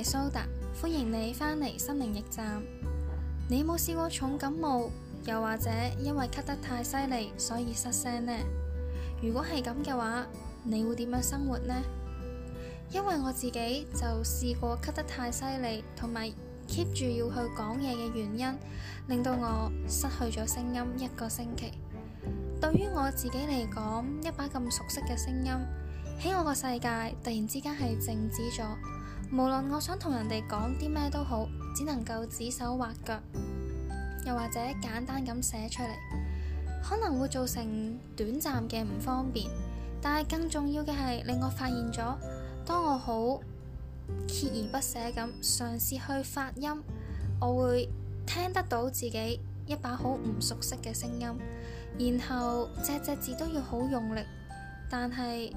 我係 Soda，歡迎你返嚟心靈驛站。你有冇試過重感冒，又或者因為咳得太犀利，所以失聲呢？如果係咁嘅話，你會點樣生活呢？因為我自己就試過咳得太犀利，同埋 keep 住要去講嘢嘅原因，令到我失去咗聲音一個星期。對於我自己嚟講，一把咁熟悉嘅聲音。喺我個世界突然之間係靜止咗，無論我想同人哋講啲咩都好，只能夠指手畫腳，又或者簡單咁寫出嚟，可能會造成短暫嘅唔方便。但係更重要嘅係令我發現咗，當我好鍥而不捨咁嘗試去發音，我會聽得到自己一把好唔熟悉嘅聲音，然後隻只字都要好用力，但係。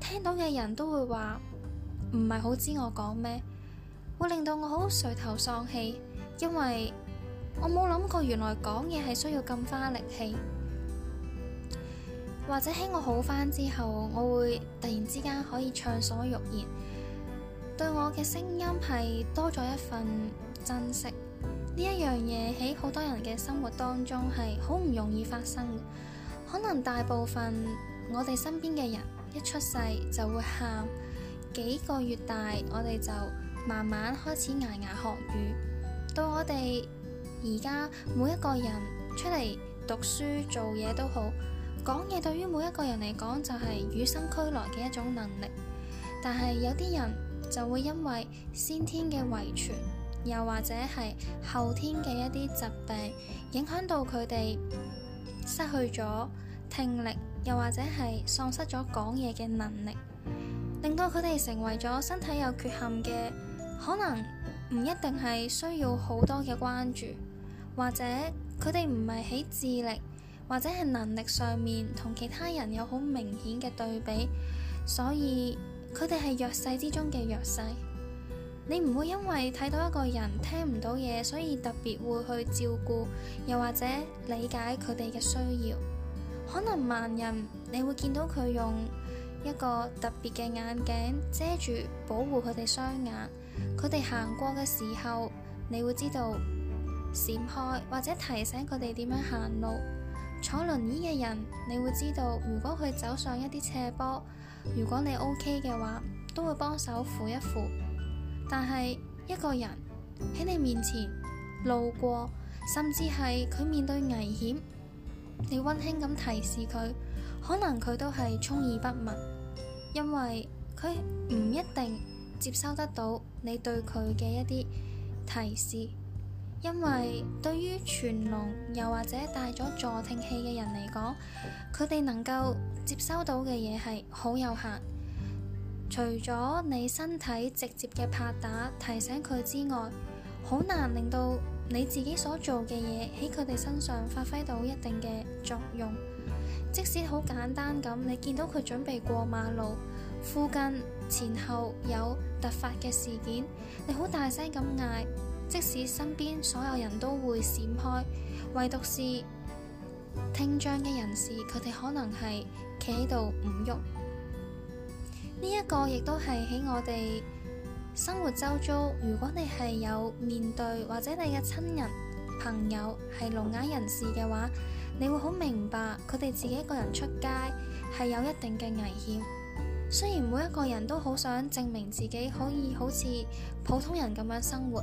聽到嘅人都會話唔係好知我講咩，會令到我好垂頭喪氣，因為我冇諗過原來講嘢係需要咁花力氣。或者喺我好返之後，我會突然之間可以暢所欲言，對我嘅聲音係多咗一份珍惜。呢一樣嘢喺好多人嘅生活當中係好唔容易發生嘅，可能大部分我哋身邊嘅人。一出世就會喊，幾個月大我哋就慢慢開始牙牙學語。到我哋而家每一個人出嚟讀書做嘢都好，講嘢對於每一個人嚟講就係與生俱來嘅一種能力。但係有啲人就會因為先天嘅遺傳，又或者係後天嘅一啲疾病，影響到佢哋失去咗聽力又或者係喪失咗講嘢嘅能力，令到佢哋成為咗身體有缺陷嘅，可能唔一定係需要好多嘅關注，或者佢哋唔係喺智力或者係能力上面同其他人有好明顯嘅對比，所以佢哋係弱勢之中嘅弱勢。你唔會因為睇到一個人聽唔到嘢，所以特別會去照顧，又或者理解佢哋嘅需要。可能盲人，你會見到佢用一個特別嘅眼鏡遮住保護佢哋雙眼。佢哋行過嘅時候，你會知道閃開或者提醒佢哋點樣行路。坐輪椅嘅人，你會知道如果佢走上一啲斜坡，如果你 OK 嘅話，都會幫手扶一扶。但係一個人喺你面前路過，甚至係佢面對危險。你溫馨咁提示佢，可能佢都係充耳不聞，因為佢唔一定接收得到你對佢嘅一啲提示，因為對於全聾又或者帶咗助聽器嘅人嚟講，佢哋能夠接收到嘅嘢係好有限，除咗你身體直接嘅拍打提醒佢之外，好難令到。你自己所做嘅嘢喺佢哋身上發揮到一定嘅作用，即使好簡單，咁，你見到佢準備過馬路，附近前後有突發嘅事件，你好大聲咁嗌，即使身邊所有人都會閃開，唯獨是聽障嘅人士，佢哋可能係企喺度唔喐。呢一個亦都係喺我哋生活周遭，如果你係有面對或者你嘅親人朋友係聾啞人士嘅話，你會好明白佢哋自己一個人出街係有一定嘅危險。雖然每一個人都好想證明自己可以好似普通人咁樣生活，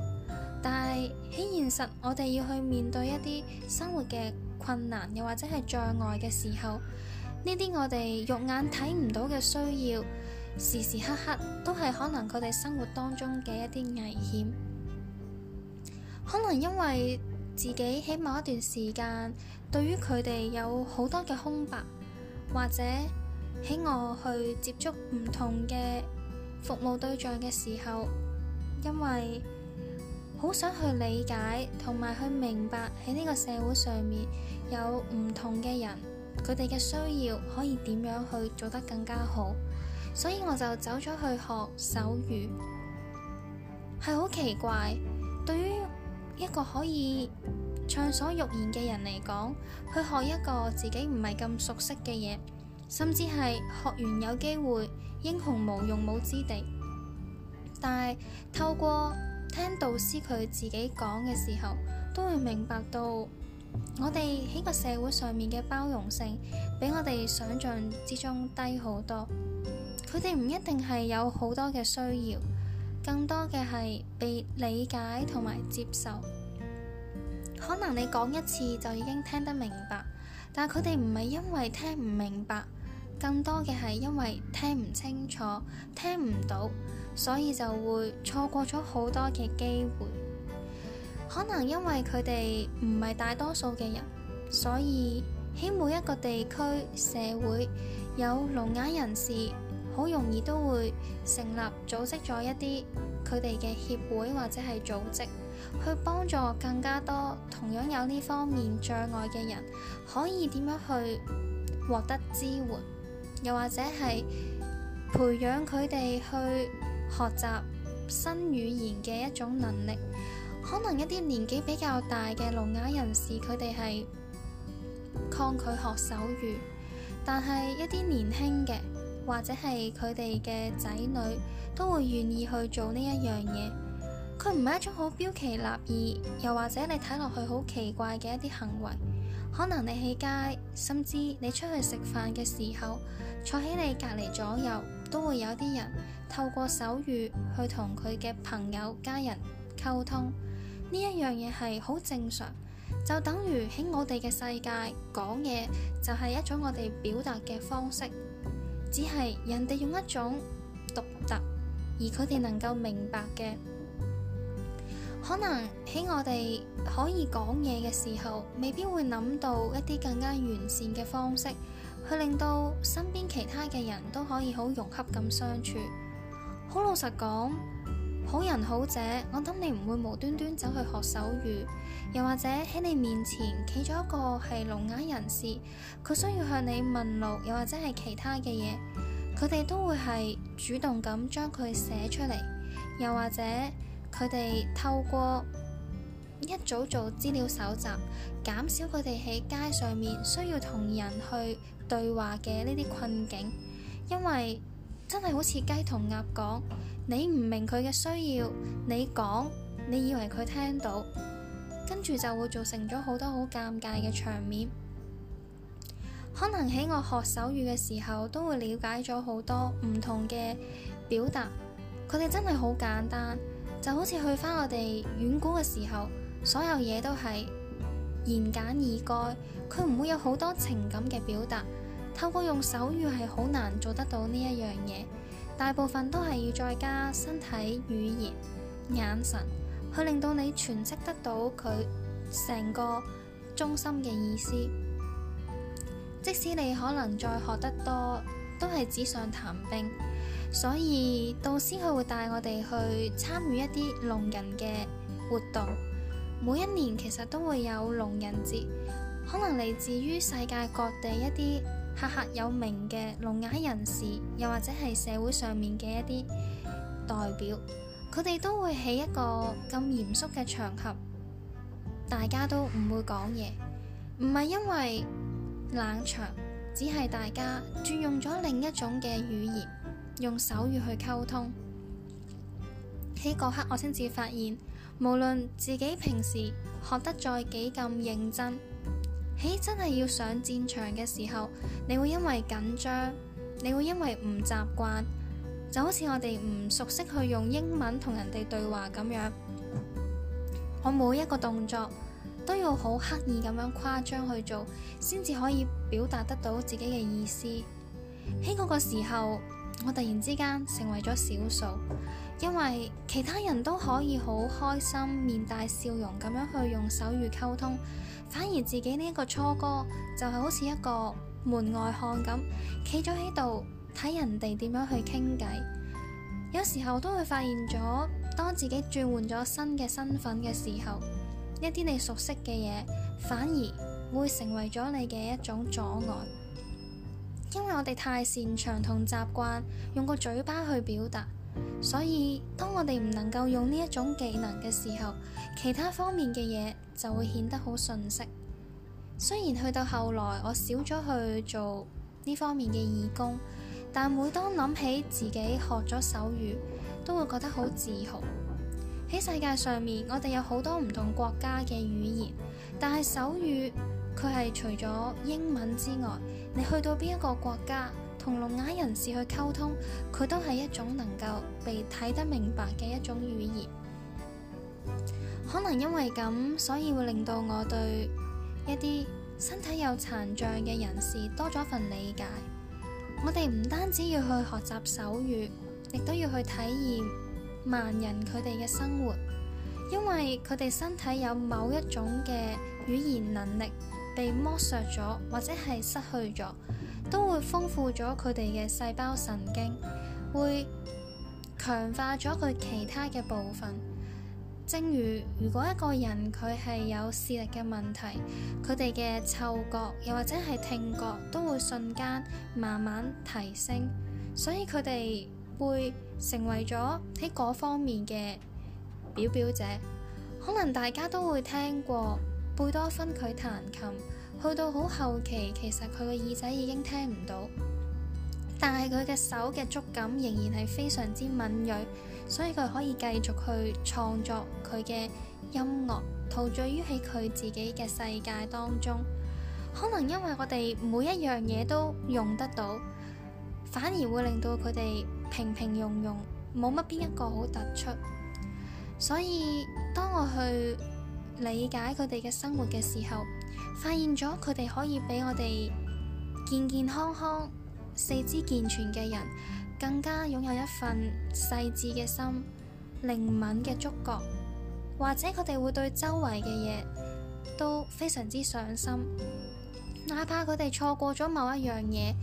但係喺現實，我哋要去面對一啲生活嘅困難，又或者係障礙嘅時候，呢啲我哋肉眼睇唔到嘅需要。時時刻刻都係可能佢哋生活當中嘅一啲危險，可能因為自己喺某一段時間對於佢哋有好多嘅空白，或者喺我去接觸唔同嘅服務對象嘅時候，因為好想去理解同埋去明白喺呢個社會上面有唔同嘅人，佢哋嘅需要可以點樣去做得更加好。所以我就走咗去學手語，係好奇怪。對於一個可以暢所欲言嘅人嚟講，去學一個自己唔係咁熟悉嘅嘢，甚至係學完有機會英雄無用武之地。但係透過聽導師佢自己講嘅時候，都會明白到我哋喺個社會上面嘅包容性，比我哋想象之中低好多。佢哋唔一定係有好多嘅需要，更多嘅係被理解同埋接受。可能你講一次就已經聽得明白，但佢哋唔係因為聽唔明白，更多嘅係因為聽唔清楚、聽唔到，所以就會錯過咗好多嘅機會。可能因為佢哋唔係大多數嘅人，所以喺每一個地區社會有聾啞人士。好容易都會成立組織咗一啲佢哋嘅協會或者係組織，去幫助更加多同樣有呢方面障礙嘅人，可以點樣去獲得支援，又或者係培養佢哋去學習新語言嘅一種能力。可能一啲年紀比較大嘅聾啞人士，佢哋係抗拒學手語，但係一啲年輕嘅。或者係佢哋嘅仔女都會願意去做呢一樣嘢。佢唔係一種好標奇立異，又或者你睇落去好奇怪嘅一啲行為。可能你喺街，甚至你出去食飯嘅時候，坐喺你隔籬左右，都會有啲人透過手語去同佢嘅朋友、家人溝通。呢一樣嘢係好正常，就等於喺我哋嘅世界講嘢就係一種我哋表達嘅方式。只係人哋用一種獨特，而佢哋能夠明白嘅，可能喺我哋可以講嘢嘅時候，未必會諗到一啲更加完善嘅方式，去令到身邊其他嘅人都可以好融洽咁相處。好老實講。好人好者，我諗你唔會無端端走去學手語，又或者喺你面前企咗一個係聾啞人士，佢需要向你問路，又或者係其他嘅嘢，佢哋都會係主動咁將佢寫出嚟，又或者佢哋透過一早做資料搜集，減少佢哋喺街上面需要同人去對話嘅呢啲困境，因為真係好似雞同鴨講。你唔明佢嘅需要，你講，你以為佢聽到，跟住就會造成咗好多好尷尬嘅場面。可能喺我學手語嘅時候，都會了解咗好多唔同嘅表達。佢哋真係好簡單，就好似去返我哋遠古嘅時候，所有嘢都係言簡意賅。佢唔會有好多情感嘅表達，透過用手語係好難做得到呢一樣嘢。大部分都係要再加身體、語言、眼神，去令到你傳譯得到佢成個中心嘅意思。即使你可能再學得多，都係紙上談兵。所以導師佢會帶我哋去參與一啲聾人嘅活動。每一年其實都會有聾人節，可能嚟自於世界各地一啲。赫赫有名嘅聾啞人士，又或者係社會上面嘅一啲代表，佢哋都會起一個咁嚴肅嘅場合，大家都唔會講嘢，唔係因為冷場，只係大家轉用咗另一種嘅語言，用手語去溝通。喺嗰刻，我先至發現，無論自己平時學得再幾咁認真。喺、hey, 真係要上戰場嘅時候，你會因為緊張，你會因為唔習慣，就好似我哋唔熟悉去用英文同人哋對話咁樣。我每一個動作都要好刻意咁樣誇張去做，先至可以表達得到自己嘅意思。喺、那、嗰個時候，我突然之間成為咗少數，因為其他人都可以好開心、面帶笑容咁樣去用手語溝通。反而自己呢一個初哥就係好似一個門外漢咁，企咗喺度睇人哋點樣去傾偈。有時候都會發現咗，當自己轉換咗新嘅身份嘅時候，一啲你熟悉嘅嘢反而會成為咗你嘅一種阻礙，因為我哋太擅長同習慣用個嘴巴去表達，所以當我哋唔能夠用呢一種技能嘅時候，其他方面嘅嘢就會顯得好遜色。雖然去到後來，我少咗去做呢方面嘅義工，但每當諗起自己學咗手語，都會覺得好自豪。喺世界上面，我哋有好多唔同國家嘅語言，但係手語佢係除咗英文之外，你去到邊一個國家同聾啞人士去溝通，佢都係一種能夠被睇得明白嘅一種語言。可能因為咁，所以會令到我對一啲身體有殘障嘅人士多咗份理解。我哋唔單止要去學習手語，亦都要去體驗盲人佢哋嘅生活，因為佢哋身體有某一種嘅語言能力被剝削咗，或者係失去咗，都會豐富咗佢哋嘅細胞神經，會強化咗佢其他嘅部分。正如如果一個人佢係有視力嘅問題，佢哋嘅嗅覺又或者係聽覺都會瞬間慢慢提升，所以佢哋會成為咗喺嗰方面嘅表表者。可能大家都會聽過貝多芬，佢彈琴去到好後期，其實佢嘅耳仔已經聽唔到，但係佢嘅手嘅觸感仍然係非常之敏銳。所以佢可以繼續去創作佢嘅音樂，陶醉於喺佢自己嘅世界當中。可能因為我哋每一樣嘢都用得到，反而會令到佢哋平平庸庸，冇乜邊一個好突出。所以當我去理解佢哋嘅生活嘅時候，發現咗佢哋可以畀我哋健健康康、四肢健全嘅人。更加擁有一份細緻嘅心、靈敏嘅觸覺，或者佢哋會對周圍嘅嘢都非常之上心。哪怕佢哋錯過咗某一樣嘢，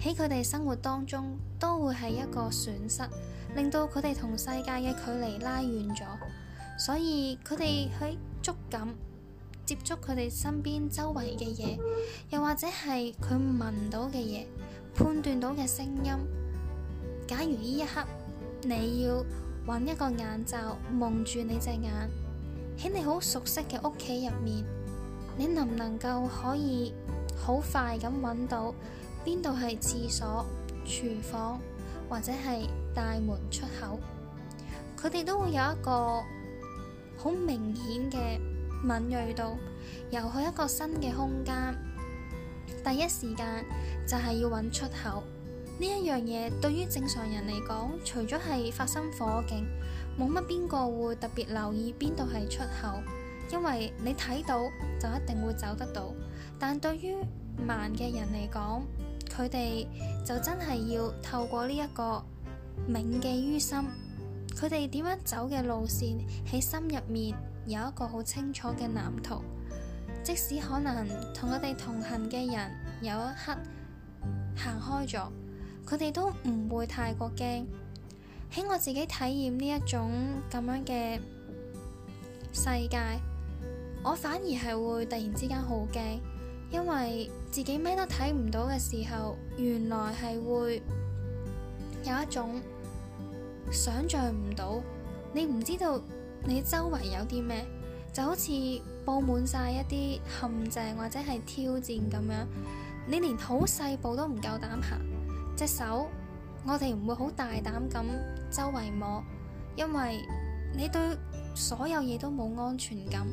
喺佢哋生活當中都會係一個損失，令到佢哋同世界嘅距離拉遠咗。所以佢哋喺觸感接觸佢哋身邊周圍嘅嘢，又或者係佢聞到嘅嘢，判斷到嘅聲音。假如呢一刻你要揾一個眼罩蒙住你隻眼，喺你好熟悉嘅屋企入面，你能唔能夠可以好快咁揾到邊度係廁所、廚房或者係大門出口？佢哋都會有一個好明顯嘅敏銳度，由去一個新嘅空間，第一時間就係要揾出口。呢一樣嘢對於正常人嚟講，除咗係發生火警，冇乜邊個會特別留意邊度係出口，因為你睇到就一定會走得到。但對於盲嘅人嚟講，佢哋就真係要透過呢一個銘記於心，佢哋點樣走嘅路線喺心入面有一個好清楚嘅藍圖，即使可能同佢哋同行嘅人有一刻行開咗。佢哋都唔會太過驚。喺我自己體驗呢一種咁樣嘅世界，我反而係會突然之間好驚，因為自己咩都睇唔到嘅時候，原來係會有一種想像唔到。你唔知道你周圍有啲咩，就好似佈滿晒一啲陷阱或者係挑戰咁樣，你連好細步都唔夠膽行。隻手，我哋唔會好大膽咁周圍摸，因為你對所有嘢都冇安全感。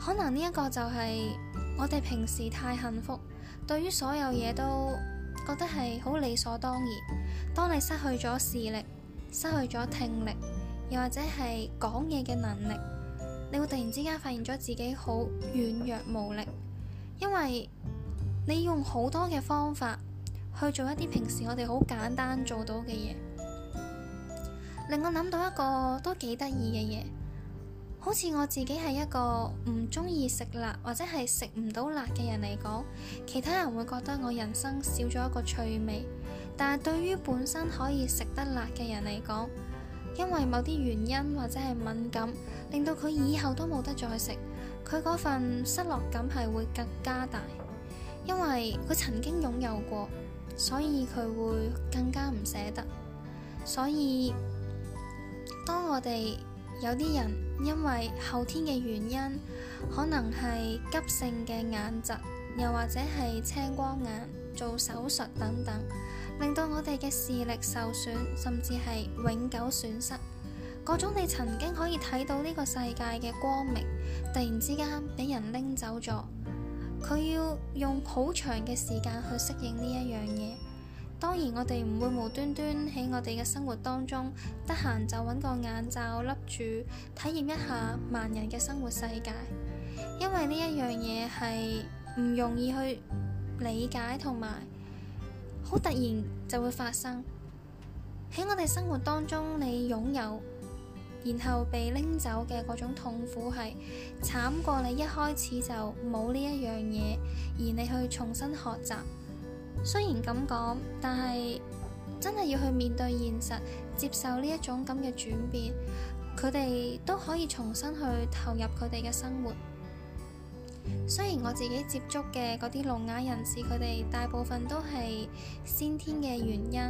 可能呢一個就係我哋平時太幸福，對於所有嘢都覺得係好理所當然。當你失去咗視力、失去咗聽力，又或者係講嘢嘅能力，你會突然之間發現咗自己好軟弱無力，因為你用好多嘅方法。去做一啲平時我哋好簡單做到嘅嘢，令我諗到一個都幾得意嘅嘢。好似我自己係一個唔中意食辣或者係食唔到辣嘅人嚟講，其他人會覺得我人生少咗一個趣味。但係對於本身可以食得辣嘅人嚟講，因為某啲原因或者係敏感，令到佢以後都冇得再食，佢嗰份失落感係會更加大，因為佢曾經擁有過。所以佢會更加唔捨得。所以，當我哋有啲人因為後天嘅原因，可能係急性嘅眼疾，又或者係青光眼做手術等等，令到我哋嘅視力受損，甚至係永久損失，嗰種你曾經可以睇到呢個世界嘅光明，突然之間俾人拎走咗。佢要用好長嘅時間去適應呢一樣嘢。當然，我哋唔會無端端喺我哋嘅生活當中，得閒就揾個眼罩笠住，體驗一下盲人嘅生活世界，因為呢一樣嘢係唔容易去理解，同埋好突然就會發生喺我哋生活當中。你擁有。然後被拎走嘅嗰種痛苦係慘過你一開始就冇呢一樣嘢，而你去重新學習。雖然咁講，但係真係要去面對現實，接受呢一種咁嘅轉變，佢哋都可以重新去投入佢哋嘅生活。雖然我自己接觸嘅嗰啲聾啞人士，佢哋大部分都係先天嘅原因，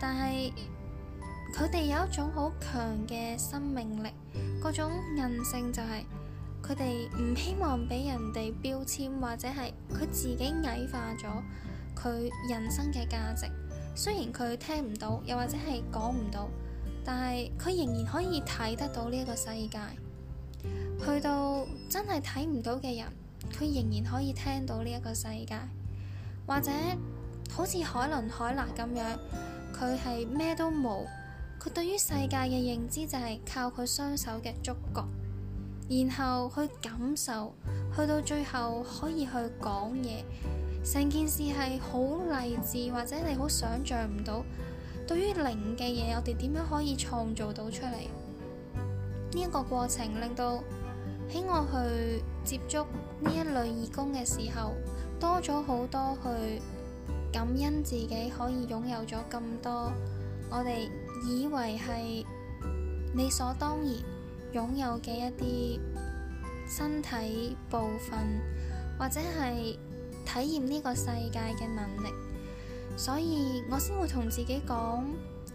但係。佢哋有一種好強嘅生命力，嗰種韌性就係佢哋唔希望俾人哋標籤，或者係佢自己矮化咗佢人生嘅價值。雖然佢聽唔到，又或者係講唔到，但係佢仍然可以睇得到呢一個世界。去到真係睇唔到嘅人，佢仍然可以聽到呢一個世界，或者好似海倫海娜咁樣，佢係咩都冇。佢對於世界嘅認知就係靠佢雙手嘅觸覺，然後去感受，去到最後可以去講嘢。成件事係好勵志，或者你好想像唔到，對於零嘅嘢，我哋點樣可以創造到出嚟呢一個過程，令到喺我去接觸呢一類義工嘅時候，多咗好多去感恩自己可以擁有咗咁多我哋，以為係理所當然擁有嘅一啲身體部分，或者係體驗呢個世界嘅能力，所以我先會同自己講：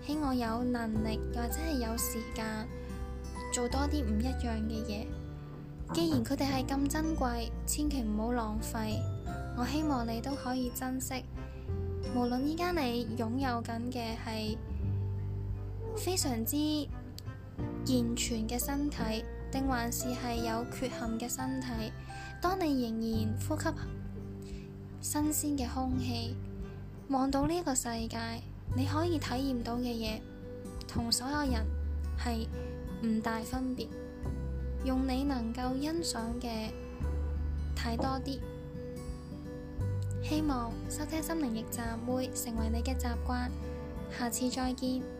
希望有能力或者係有時間做多啲唔一樣嘅嘢。既然佢哋係咁珍貴，千祈唔好浪費。我希望你都可以珍惜，無論依家你擁有緊嘅係非常之健全嘅身體，定還是係有缺陷嘅身體？當你仍然呼吸新鮮嘅空氣，望到呢個世界，你可以體驗到嘅嘢，同所有人係唔大分別。用你能夠欣賞嘅睇多啲。希望收聽心靈驛站會成為你嘅習慣。下次再見。